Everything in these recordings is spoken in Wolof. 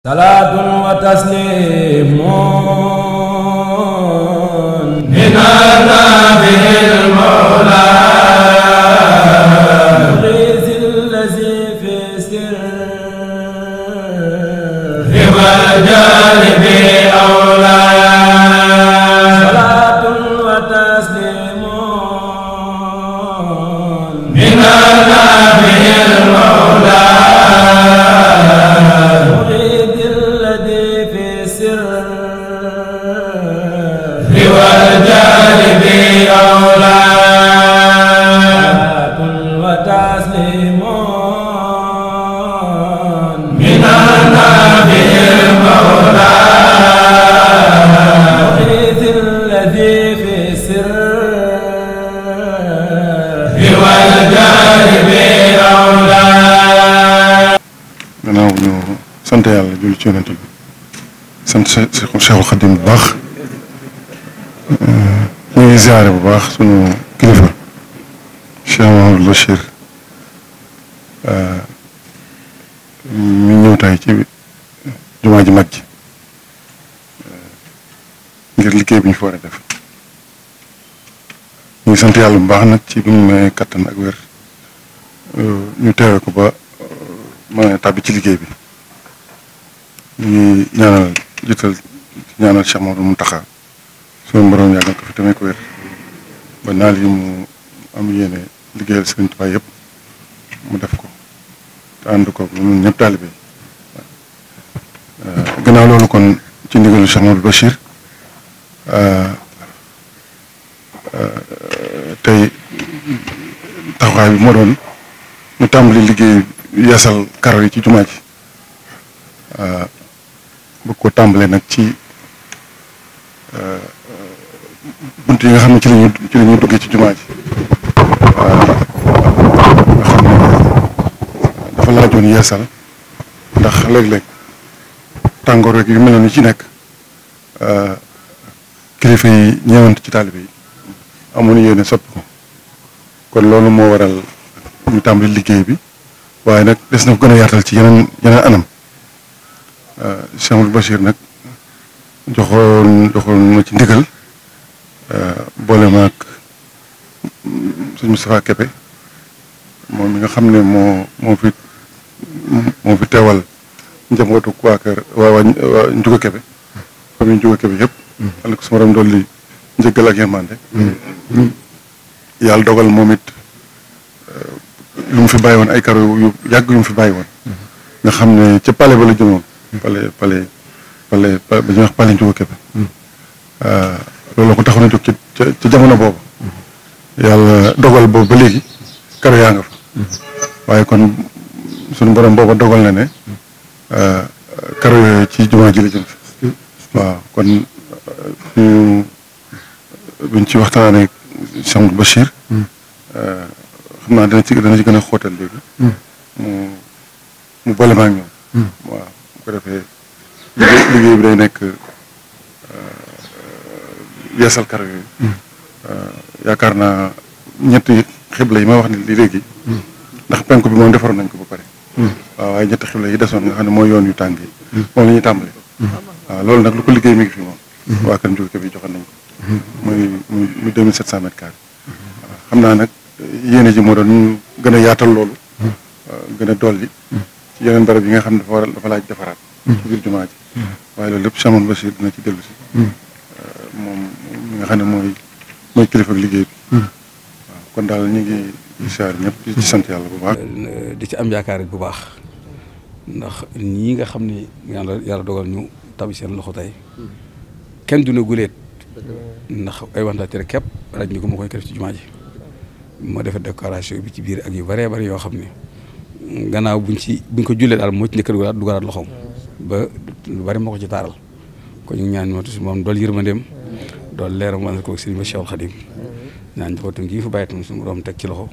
salaatun wa tasliimun gannaaw ñu sant yàlla julli ci yonent bi sant Cheikhul Khadim bu baax euh, ñu ngi ziare bu baax suñu kilifa Cheikh Mahamadou Bachir euh, mi ñëw tay ci jumaa ji mag ji euh, ngir liggéey biñ ñu fi war def ñu ngi yàlla bu baax nag ci bi may kattan ak wér ñu teewe ko ba mën a tàbbi ci liggéey bi ñu ñaanal jiital ñaanal Cheikh Mamadou Mountakha suñu borom yàggal ko fi tamit ko wér ba naal yi mu am yéene liggéeyal Sëriñ Tuubaa yëpp mu def ko te ànd ko ñun ñëpp taalibe euh, loolu kon ci ndigalu Cheikh Mamadou Bachir euh, euh, tey taxawaay bi moo doon ñu tàmbali liggéey yeesal karo yi ci jumaa ji euh, bëgg ko tàmbale nag ci euh, bunt yi nga xam ne ci lañuy ci duggee ci jumaa ji nga xam ne dafa laajoon yeesal ndax léeg-léeg tàngoor rek yu mel noonu ci nekk euh, kilifa yi ñeewante ci taalibe yi amoon yéene soppi ko kon loolu moo waral ñu tàmbali liggéey bi waaye nag des na ko gën a yaatal ci yeneen yeneen anam euh, Cheikh Amadou Bachir nag joxoon joxoon ma ci ndigal euh, boole ma ak sëñ Moustapha moom mi nga xam ne moo moo fi moo fi teewal njabootu waa kër waa waa Njuga Keppe famille Njuga Keppe yëpp alako mm-hmm. suma ram dool li njëggal ak yërmande mm-hmm. yàlla dogal moom lu mu fi bàyyi woon ay karo yu yàgg yu mu fi bàyyi woon nga xam ne ca pale ba la jëmoon palais palais palais ba ñuy wax palais Ndiouga Kébé euh, loolu ko taxoon a jóg ci ca jamono boobu yàlla dogal boobu ba léegi karo yaa nga fa waaye kon suñu borom booba dogal na ne euh, karo yooyu ci jumaa ji la jëm fi waaw kon euh, ñu buñ ci waxtaanee ba Bachir xam naa dana ci dana ci gën a xóotal léegi. Hmm. mu mu boole ma ak ñoom. Hmm. waaw bu ko defee liggéey bi day nekk euh, euh, yeesal kar yooyu. Hmm. Euh, yaakaar naa ñetti xibla yi ma wax ni li léegi. ndax penku bi moom defaroon nañ ko ba pare. waaw waaye ñetti xibla yi desoon nga xam ne mooy yoon yu tàng yi. moom la ñuy loolu nag lu ko liggéey mi fi moom. waa kan Ndiour bi joxoon nañ ko. muy muy deux mille sept cent mètres carrés. xam naa nag. yéene ji moo doon gën a yaatal loolu hmm. euh, gën a dolli hmm. ci yeneen barab yi nga xam ne dafa waral dafa laaj defaraat hmm. ci biir jumaa ji waaye loolu lépp Cheikh Bachir dina ci dellu si euh, moom mi nga xam ne mooy kilifa liggéey bi kon daal ñu ngi saar ñëpp ci sant yàlla bu baax euh, di ci am yaakaar bu baax ndax ñii nga xam ne yàlla yàlla dogal ñu tabi seen loxo tey kenn duna guleet ndax ay waxtaan ci rek képp raj ni ko moo koy def ci jumaa ji moo def décoration bi ci biir ak yu bëree bëri yoo xam ne gannaaw buñ ci buñ ko jullee daal moo ci njëkk a dugalaat loxoom ba lu bëri moo ko ci taaral kon ñu ñaan moo tuuti moom dool yërmandeem dool leeram wàllu ko sëriñ ba Cheikhul Khadim ñaan njabootam gi fi bàyyi tam suñu borom teg ci loxo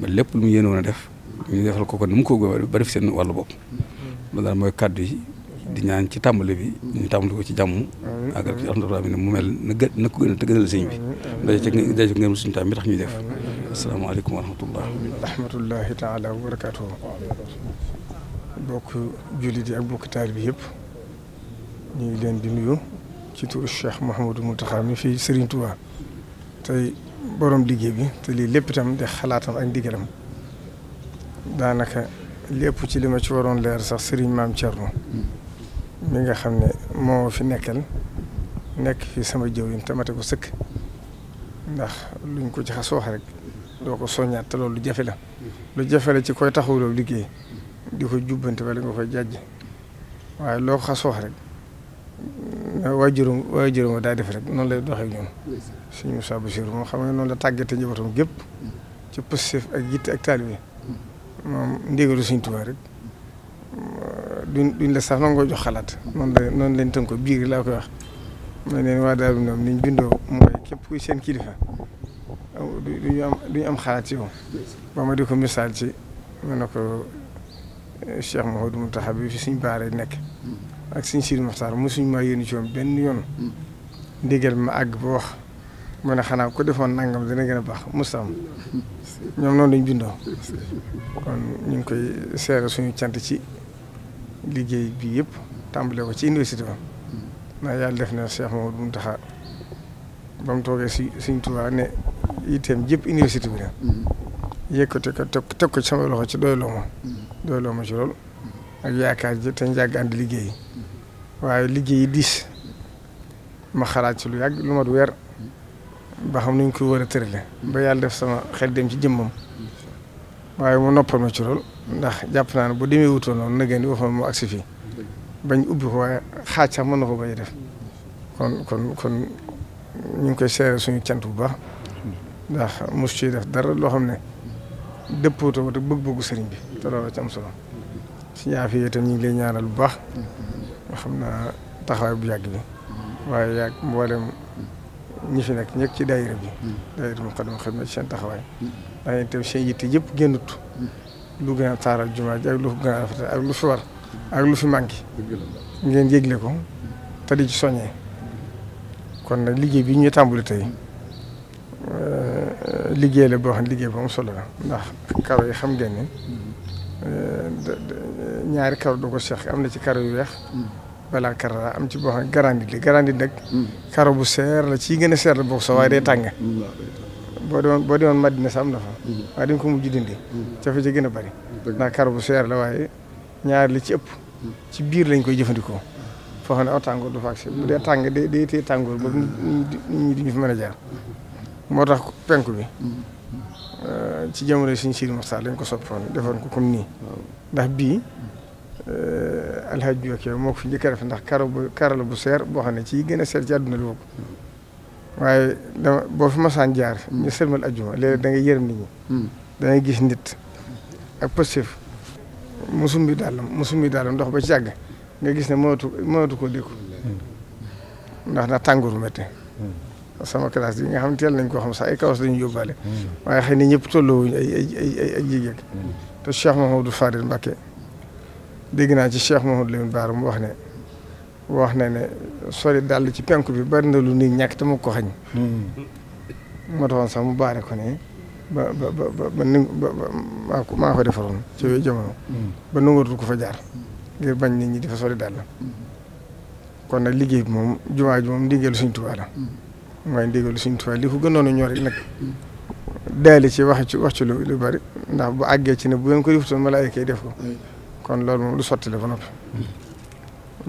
ba lépp lu mu yéene woon a def ñu defal ko ko mu ko ba def seen wàllu bopp loolu daal mooy kàddu yi di ñaan ci tàmbali bi ñu tàmbali ko ci jàmm ak ci alhamdulilah bi ne mu mel na gë na ko gën a te gënal sëñ bi daje ci daje ngeen suñu taam bi tax ñuy def asalaamaaleykum wa rahmatullah rahmatullahi taala wa barakatuh bokk jullit ak bokk taal bi yëpp ñu leen di nuyu ci turu Cheikh Mouhamadou Mountakha mi fii Serigne Touba tey borom liggéey bi te lii lépp itam di xalaatam ak ndigalam daanaka lépp ci li ma ci leer sax sëriñ Maam Thierno mi nga xam ne moo fi nekkeel nekk fi sama jëw yi tamate ko sëkk ndax luñ ko ci xas wax rek doo ko soñaat te loolu lu jafe la lu jafe la ci koy taxawloo liggéey di ko jubbante wala nga koy jàjj waaye loo ko xas wax rek waa juróom waa juróom daa def rek noonu lay doxee ñun suñu Moussa Bachir moom xam nga noonu la tàggate njabootam gépp ci pëstéef ak yitte ak taalibe moom ndigalu suñu Tuubaa rek duñ duñ la sax xalaat noonu la noonu lañ ko biir laa koy wax ma neen waa Daaru Minam niñ bindoo mooy képp kuy seen kilifa duñu am duñu am xalaat ci yow ba ma di ko misaal ci ma eh, nekk ak suñ Sidi Mokhtar ci woon benn yoon ndigal ma àgg ba wax ma ne xanaa ko defoon nangam dina gën a baax Moustapha ñoom noonu lañ bindoo kon ñu koy seere suñu cant ci liggéey bii yëpp tàmbale ko ci université ba hmm. ndax yàlla def na Cheikh Mamadou Mountakha ba mu toogee si Sëriñ Tuubaa ne itteem jëpp université bi la hmm. yëkkati ko teg ko ci sama loxo ci doyloo ma hmm. doyloo ma ci lool ak yaakaar ji te njàgg ànd liggéey waaye liggéey yi diis ma xalaat ci lu yàgg lu mat weer ba xam nuñ ko war a tërale ba yàlla def sama xel dem ci jëmmam waaye mu noppal ma ci lool ndax jàpp naa ne bu demee wutoo noonu na ngeen di waxoon mu agsi fii bañ ubbi ko waaye xaaj sax mën na ko bañ def kon kon kon ñu ngi koy seere suñu cant bu baax ndax mos ciy def dara loo xam ne dëppootoo te bëgg-bëggu sëriñ bi te am solo si ñaafi yi itam ñu ngi lay ñaanal bu baax xam naa taxawaay bu yàgg bi waaye yàgg mboolem ñi fi nekk ñëpp ci daayira bi hmm. daayira mu xadama xam ne seen taxawaay ndax hmm. itam seen yitte yëpp génnut hmm. lu gën a taaral jumaa ji ak lu gën a rafetal ak lu fi war ak lu fi manqué ngeen yégle ko te di ci soññee kon nag liggéey bi ñuy tàmbali tey euh, liggéey la boo xam ne liggéey bu am solo la ndax karo yi xam ngeen ne euh, ñaari karo du ko seex am na ci karo yu weex wala karara am ci boo xam ne garanti li garanti nag mm. bu seer la ci gën a seer la bokk soo waaye mm. Mm, day tàng boo demoon boo demoon Madina sax am na fa waaye dañ ko mujj dindi ca fa gën a bari ndax karo bu seer la waaye ñaar li ci ëpp ci biir lañ koy jëfandikoo foo xam ne aw tàngoor du fa agsi bu dee tàng day day téye tàngoor boobu nit ñi duñu fi mën moo tax penku bi euh, ci jamono suñu Sidi Moxtaar lañ ko soppoon defoon ko comme nii ndax bii alhaj jokke moo ko fi njëkk a def ndax karo bu bu seer boo xam ne ci gën a seer ci àdduna lu bokk waaye dama boo fi masaan jaar ñu sërmal ajjuma léeg da ngay yërëm ñi hmm. da gis nit ak positif musum bi dàllam musum bi dàllam ndox ba ci yàgg nga gis ne mënatu mënatu koo dékku hmm. ndax ndax tàngooru métti sama classe bi nga xam teel nañ ko xam sax ay kawas dañu yóbbaale hmm. waaye xëy na ñëpp tolloowuñu ay ay ay dégg naa ci Cheikh Mouhamadou Lamine Bara mu wax ne wax na ne sori dàll ci penku bi bari na lu ni ñàkk te hmm. mu baare ko ne ba ba ba ba ni ko maa ko ci yooyu hmm. ba nit ñi di fa sori hmm. nag liggéey bi moom jumaa ji moom ndigalu Sëriñ Tuubaa la mooy ndigalu Sëriñ Tuubaa li ko gënoon a ñor rek wax ci wax lu bari ndax bu àggee ci ne bu ngeen ko defutoon malaayika yi def ko kon loolu moom lu sottile la noppi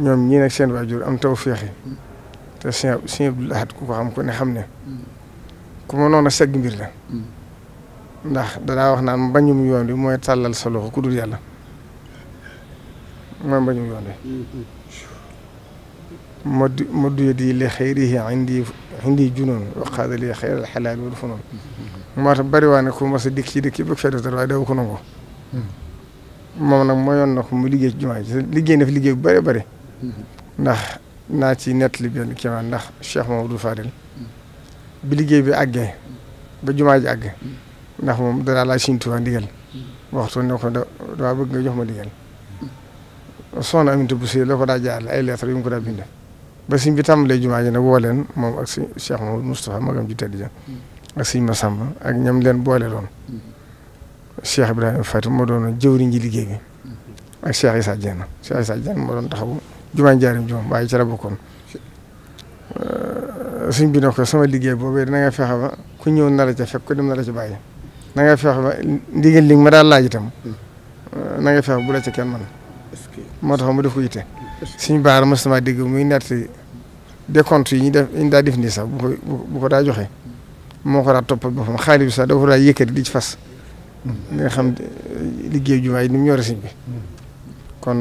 ñoom ñii nag seen waajur am taw féexi te sëñ sëñ la Ahad ku ko xam ku ne xam ne ku ma noonu segg mbir la ndax dadaa wax naan mbañum yoon wi mooy tàllal sa loxo ku dul yàlla mooy mbañum yoon wi ma du ma duye di li xëyrihi indi indi junoon waqaada li xëyral xalaal wal funoon moo tax bari waa ne ku mas a dikk ci dikk yi bëgg dara waaye daw ko nangu moom nag moo yoon ko mu liggéey ci jumaa ji liggéey na fi liggéey bu bëri bëri ndax naa ci nettali benn kéemaan ndax Cheikh Mamadou Fadel bi liggéey bi àggee ba jumaa ji àgg ndax moom danaa laaj Sëriñ Tuubaa ndigal waxtu ne ko dama bëgg jox ma ndigal soxna Aminata Bousso la ko daa jaarale ay lettre yu mu ko daa bind ba sëñ bi tàmbalee jumaa ji nag woo leen moom ak si Cheikh Mamadou Moustapha magam ji tedd ja ak sëñ Massamba ak ñam leen boole loon bi Ibrahima Fatim moo doon jëwriñ ji liggéey bi ak Cheikh Issa Dieng Cheikh Issa Dieng moo doon taxawu jumaa njaarim jumaa waaye ci la bokkoon euh, suñ bi ko sama liggéey boobu na nga fexe ba ku ñëw na ca fekk ku dem na la ca bàyyi na nga fexe ba ndigal li ma daal laaj tam euh, na nga fexe bu la ca kenn ma moo tax mu def ko yitte suñ baar mos na maa dégg muy netti décompte yi ñu def ñu daa def nii sax bu ko bu ko daa joxe moo ko daa toppal boppam xaalis bi sax dafa daa yëkkati di ci fas. li nga xam liggéey jumaa yi ni mu yore sëñ bi kon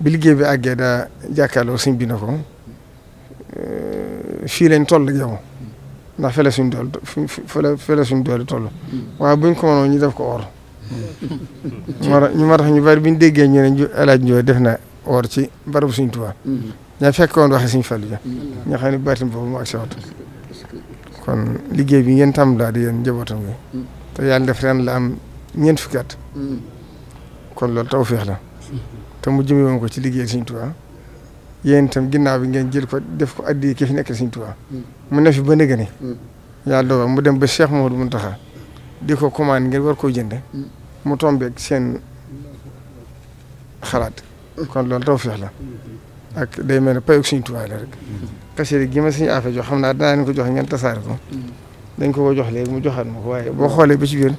bi liggéey bi àggee daa jàkkaarloo sëñ bi na ko fii leen toll ak yow ndax fele suñ dool fele fele suñ doole toll waaye buñ ko mënoon ñu def ko or ñu ma tax ñu bari bi ñu déggee ñu ne alaaj njooy def na or ci barabu suñ Tuubaa mm-hmm. ñaa fekkoon waxe suñ Fallu ja mm-hmm. ñoo xam ne baatim boobu mu ak si kon liggéey bi ngeen tam daal di yéen njabootam gi mm-hmm. te yàlla def ren la am ñeent fukki at hmm. kon loolu tawfeex la te mu jëme woon ko ci liggéey Sëriñ Tuubaa yéen itam ginnaaw bi ngeen jël ko def ko addi ki fi nekk Sëriñ Tuubaa hmm. mu ne fi ba nëgëni hmm. yàlla dogal mu dem ba du Mouhamadou Mountakha di ko commande ngeen war koo jënd mu tombeek seen xalaat kon lool taw tawfeex la ak day mel ne payuk Sëriñ Tuubaa la rek xasida gi ma Sëriñ Afe jox xam naa dinaa leen ko jox ngeen tasaare ko dañ ko ko jox léegi mu joxaat ma ko waaye boo xoolee ba ci biir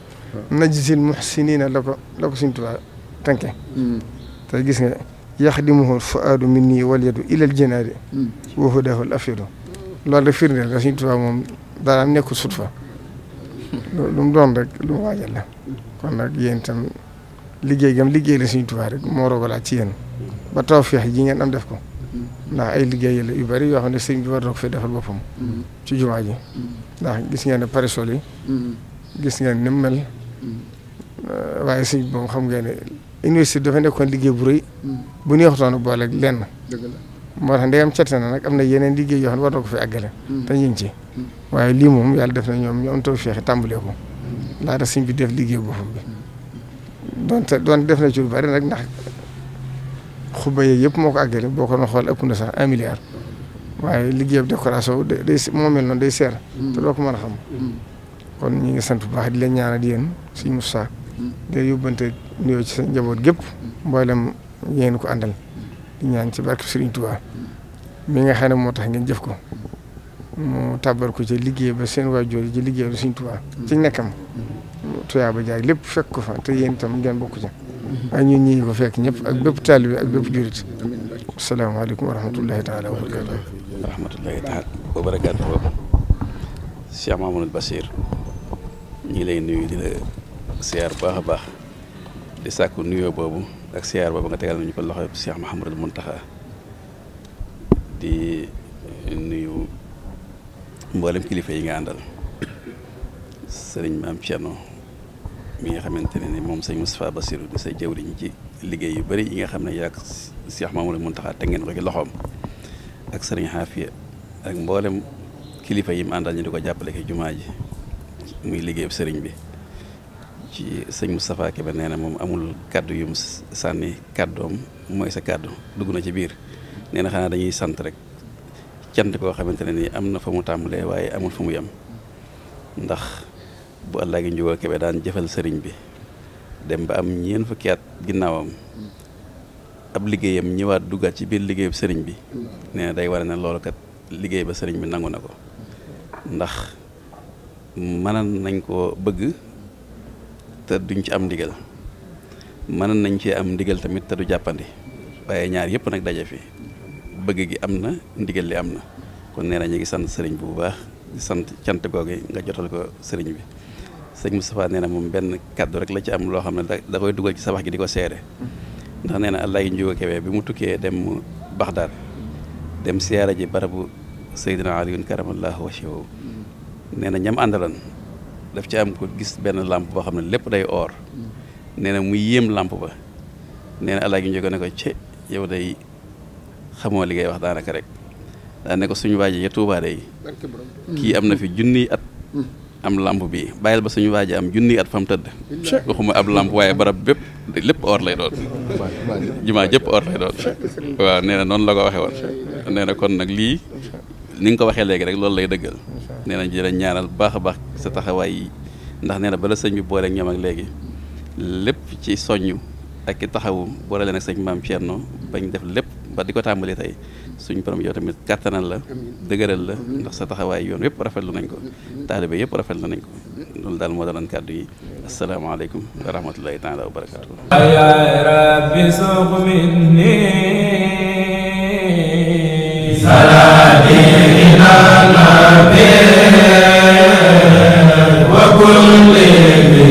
najzil muhsinina la ko la ko Sëriñ Tuubaa tànke mm. te gis nga yaxdimuhu fuaadu minni wal yadu ilal jinaari mm. wa hudahu al afidu loolu da firndeel la Sëriñ Tuubaa moom dara nekkul sut fa lu doon rek lu mu kon nag yéen itam liggéey gam liggéey la Sëriñ Tuubaa rek moo rogalaat ci yéen ba tawfeex ji ngeen am def ko mm. ndax ay liggéey la yu bari yoo xam ne sëriñ bi war na ko ci jumaa ji ndax gis ngeen ne parasol yi. Mm-hmm. gis ngeen ni mu mel. Mm-hmm. waaye si moom xam ngeen ne université dafa nekkoon liggéey bu rëy. Mm-hmm. bu neexutoon boole ak lenn. dëgg moo tax ndegam cete na nag am na yeneen liggéey yoo xam ne war ko fi àggale. ci. waaye lii moom yàlla def na ñoom ñu am tawfeex tàmbalee ko. laata suñ bi def liggéey boppam bi. donte doon def na ci lu bari nag ndax xuba yeeg yëpp moo ko àggale boo ko doon xool ëpp na sax un milliard. waaye liggéeyam décoration day day moom mel noonu day seer. Mm. te doo ko mën a xam. Mm. kon ñu ngi sant baax di leen ñaanal yéen suñu Moussa. Mm. di yóbbante nuyoo ci sa njaboot gépp. mboolem ngeen ko àndal. di ñaan ci barke Serigne Touba. mi nga xam ne moo tax ngeen jëf ko. ko ci liggéey ba seen waajur ji liggéey ba Serigne Touba. ci nekkam. tuyaaba jaay lépp fekk ko fa te yéen itam ngeen bokk ca mm-hmm. waaye ñu ñii ko fekk ñëpp ak bépp taalibe ak bépp jurit. asalaamaaleykum wa rahmatullahi taala wa rahmatullahi taala wa barakaatuhu Cheikh Mamadou Bachir ñu ngi lay nuyu di la siyaar bu baax a baax di sàkku nuyoo boobu ak siyaar boobu nga tegal nañu ko loxo Cheikh Mahamadul Muntaxa di nuyu mboolem kilifa yi nga àndal sëriñ maam Thierno mi nga xamante ne ni moom sëñ Moustapha Bassirou di sa jëwriñ ci liggéey yu bari yi nga xam ne yaa ak Cheikh Mahamadul Muntaxa te ngeen ko loxoom. ak sëriñ Xaafiya ak mboolem kilifa yi mu àndal ñu di ko jàppale ki jumaa ji muy liggéeyub sëriñ bi ci sëñ Moustapha Kébé nee na moom amul kàddu yu sànni kàddoom mooy sa kàddu dugg na ci biir nee xanaa dañuy sant rek cant koo xamante ne nii am na fa mu tàmbalee waaye amul fa mu yem ndax bu àllaa gi njugoo Kébé daan jëfal sëriñ bi dem ba am ñeen fukki at ginnaawam ab liggéeyam ñëwaat duggaat ci biir liggéeyam sëriñ bi nee day war na loolu kat liggéey ba sëriñ bi nangu na ko ndax mënoon nañ koo bëgg te duñ ci am ndigal mënoon nañ ci am ndigal tamit te du jàppandi waaye ñaar yëpp nag dajafe bëgg gi am na ndigal li am na kon nee na ñu ngi sant sëriñ bi bu baax di sant cant googu nga jotal ko sëriñ bi sëñ Moustapha nee na moom benn kàddu rek la ci am loo xam ne da koy dugal ci sabax gi di ko seere ndax nee na Allaay Njuuga Kebe bi mu tukkee dem Baxdaad dem siyaara ji barabu Seydina Aliyun karamallahu wajhahu nee na ñam àndalan daf ci am ko gis benn làmp boo xam ne lépp day or nee na mu yéem làmp ba nee na Allaay Njuuga ne ko ci yow day xamoo li ngay wax daanaka rek daa ne ko suñu waaj ya Tuubaa day kii am na fi junni at am làmp bi bàyyil ba suñu waaj am junni at fam tëdd waxuma ab làmp waaye barab bépp lépp or lay doon jumaa jépp or lay doon waaw nee noonu la ko waxee woon nee kon nag lii ni nga ko waxee léegi rek loolu lay dëggal nee na jërë ñaanal baax a baax sa taxawaay ndax nee na bala sëñ bi boole ak ñoom ak léegi lépp ci soññ ak i taxawu boole leen ak sëñ maam Thierno bañ def lépp ba di ko tàmbali tey suñu borom yow tamit kàttanal la dëgëral la ndax sa taxawaay yoon yëpp rafetlu nañ ko taalibe yëpp lu nañ ko loolu daal moo daloon kàddu yi asalaamaaleykum wa rahmatullahi taala wa barakaatu ya rabbi suq minni salaati ila nabi wa kulli